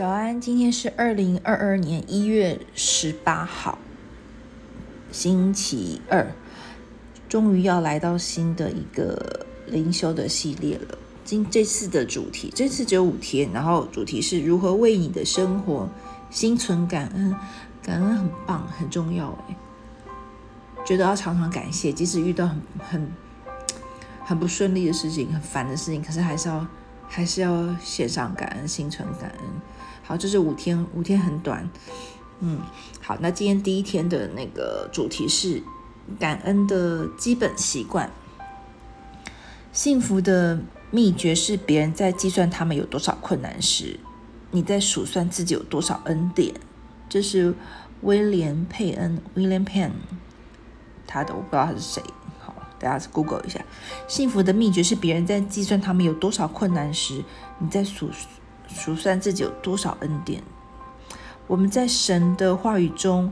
早安，今天是二零二二年一月十八號，星期二，終於要來到新的一個靈修的系列了。今這次的主題，這次只有五天，然後主題是如何為你的生活心存感恩。感恩很棒，很重要。誒覺得要常常感謝，即使遇到很很很不順利的事情，很煩的事情，可是還是要。還是要獻上感恩，心存感恩。好，這是五天，五天很短。嗯，好，那今天第一天的那個主題是感恩的基本習慣。幸福的秘訣是，別人在計算他們有多少困難時，你在數算自己有多少恩典。這是威廉·佩恩 （William p n 他的，我不知道他是誰。大家 Google 一下，幸福的秘訣是別人在計算他們有多少困難時，你在數數算自己有多少恩典。我們在神的話語中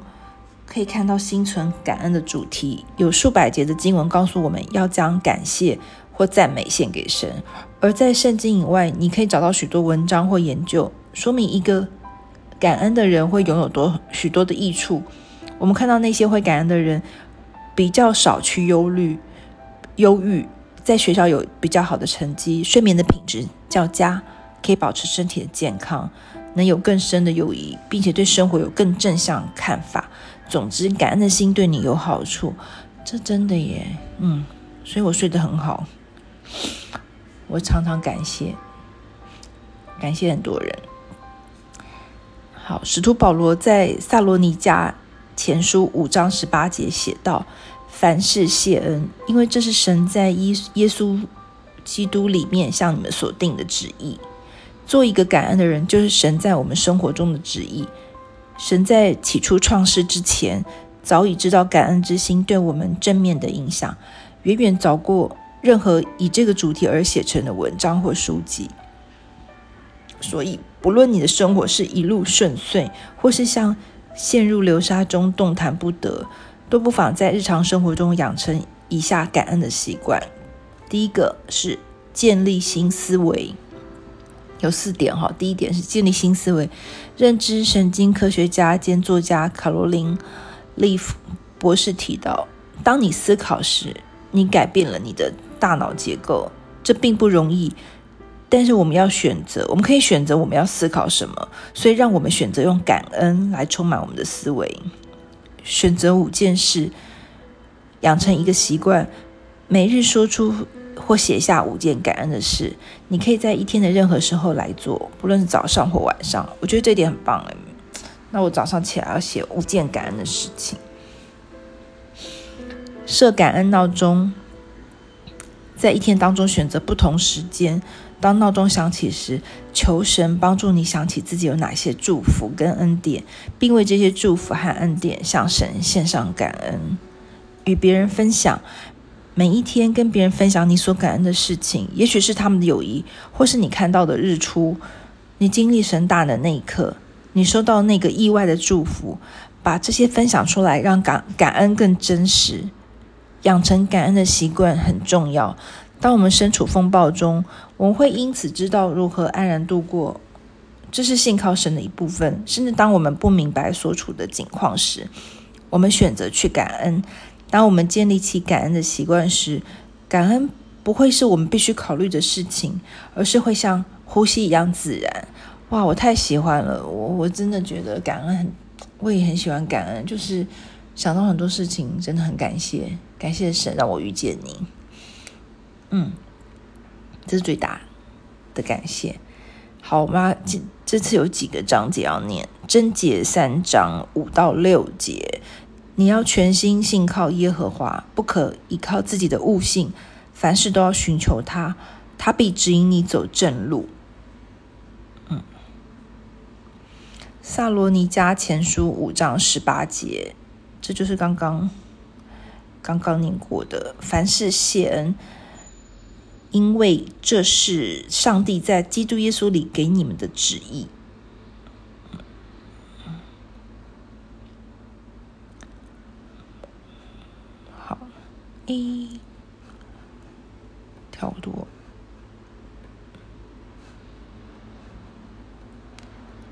可以看到心存感恩的主題，有數百節的經文告訴我們要將感謝或讚美獻給神。而在聖經以外，你可以找到許多文章或研究，說明一個感恩的人會擁有多許多的益處。我們看到那些會感恩的人比較少去憂慮。憂鬱，在學校有比較好的成績，睡眠的品質較佳，可以保持身體的健康，能有更深的友誼，並且對生活有更正向的看法。總之，感恩的心對你有好處，這真的耶，嗯，所以我睡得很好，我常常感謝，感謝很多人。好，使徒保羅在《帖撒羅尼迦前書》五章十八節寫道。凡事謝恩，因為這是神在耶耶穌基督裡面向你們所定的旨意。做一個感恩的人，就是神在我們生活中的旨意。神在起初創世之前，早已知道感恩之心對我們正面的影響，遠遠早過任何以這個主題而寫成的文章或書籍。所以，不論你的生活是一路順遂，或是像陷入流沙中動彈不得。都不妨在日常生活中養成以下感恩的習慣。第一個是建立新思維，有四點哈。第一點是建立新思維。認知神經科學家兼作家卡羅琳·麗夫博士提到，當你思考時，你改變了你的大腦結構，這並不容易。但是我們要選擇，我們可以選擇我們要思考什麼。所以，讓我們選擇用感恩來充滿我們的思維。選擇五件事，養成一個習慣，每日說出或寫下五件感恩的事。你可以在一天的任何時候來做，不論是早上或晚上。我覺得這點很棒欸。那我早上起來要寫五件感恩的事情，設感恩鬧鐘。在一天當中選擇不同時間，當鬧鐘響起時，求神幫助你想起自己有哪些祝福跟恩典，並為這些祝福和恩典向神獻上感恩。與別人分享，每一天跟別人分享你所感恩的事情，也許是他們的友誼，或是你看到的日出，你經歷神大能的那一刻，你收到那個意外的祝福，把這些分享出來，讓感感恩更真實。養成感恩的習慣很重要。當我們身處風暴中，我們會因此知道如何安然度過。這是信靠神的一部分。甚至當我們不明白所處的境況時，我們選擇去感恩。當我們建立起感恩的習慣時，感恩不會是我們必須考慮的事情，而是會像呼吸一樣自然。哇，我太喜歡了！我我真的覺得感恩很，我也很喜歡感恩，就是想到很多事情，真的很感謝。感謝神讓我遇見您，嗯，這是最大的感謝，好嗎？這這次有幾個章節要念，箴言三章五到六節，你要全心信靠耶和華，不可依靠自己的悟性，凡事都要尋求他，他必指引你走正路。嗯，撒羅尼迦前書五章十八節，這就是剛剛。剛剛念過的，凡事謝恩，因為這是上帝在基督耶穌裡給你們的旨意。好，哎，差不多，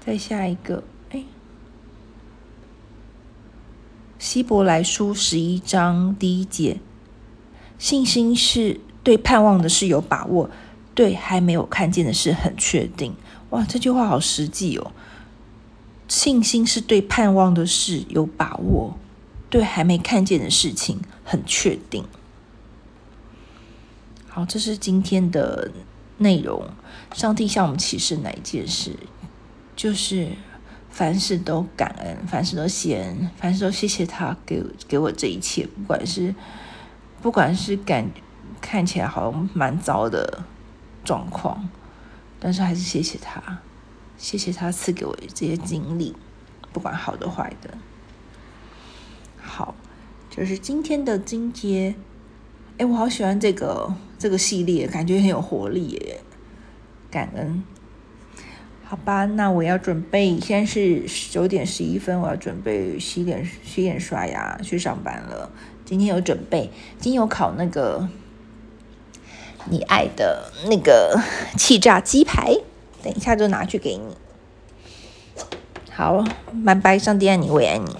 再下一個。希伯來書十一章第一節：信心是對盼望的事有把握，對還沒有看見的事很確定。哇，這句話好實際哦！信心是對盼望的事有把握，對還沒看見的事情很確定。好，這是今天的內容。上帝向我們啟示哪一件事？就是。凡事都感恩，凡事都謝恩，凡事都謝謝他給我給我這一切，不管是不管是感看起來好像蠻糟的狀況，但是還是謝謝他，謝謝他賜給我這些經歷，不管好的壞的。好，就是今天的金街。哎，我好喜歡這個這個系列，感覺很有活力耶，感恩。好吧，那我要準備。現在是九點十一分，我要準備洗臉、洗臉、刷牙，去上班了。今天有準備，今天有烤那個你愛的那個氣炸雞排，等一下就拿去給你。好，拜拜，上帝愛你，我也愛你。